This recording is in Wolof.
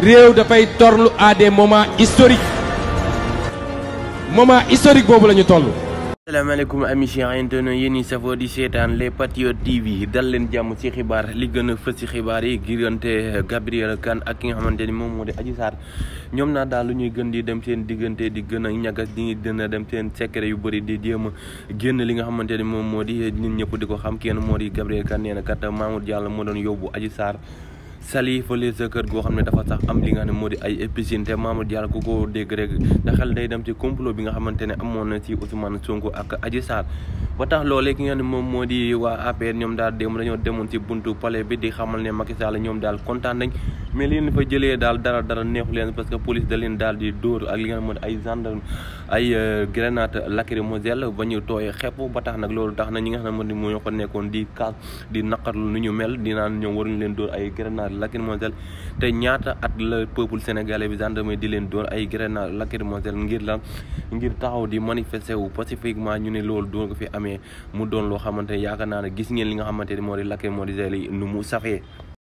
réew dafay torlu à des moments historiques moment historique boobu la ñu toll. asalaamaaleykum ami chers internautes yéen ñi safoo di seetaan les Patriotes TV dal leen jàmm ci xibaar li gën a fës ci xibaar yi diggante Gabriel kan ak ki nga xamante ni moom moo di aju Sarr ñoom naa daal lu ñuy gën di dem seen diggante di gën a ñagas di gën a dem seen secret yu bëri di jéem génn li nga xamante ni moom moo di nit ñëpp di ko xam kenn moo di Gabriel kan nee na kat Mamour moo doon yóbbu Adji Sarr. Saly fële sa kër goo xam ne dafa sax am li nga ne moo di ay épicine te Mamadou Diallo ku ko dégg rek da xel day dem ci complot bi nga xamante ne amoon na ci Ousmane Sonko ak aji Sarr ba tax loolee ki nga ne moom moo di waa APR ñoom daal dem dañoo demoon ci buntu palais bi di xamal ne Macky Sall ñoom daal kontaan nañ mais li ñu fa jëlee daal dara dara neexu leen parce que police da leen daal di dóor ak li nga xamante ay gendarme ay euh, grenade lacrymogène ba ñu tooyee xepp ba tax nag loolu tax na ñi nga xamante ni moo ko nekkoon di kaas di naqarlu nu ñu mel di naan ñoom waruñu leen dóor ay grenade lacrymogène te ñaata at la peuple sénégalais bi gendarme di leen dóor ay grenade lacrymogène ngir lan ngir taxaw di manifester wu pacifiquement ñu ne loolu doo ko fi amee mu doon loo xamante ne yaakaar naa ne gis ngeen li nga xamante ni moo di lacrymogène yi nu mu safee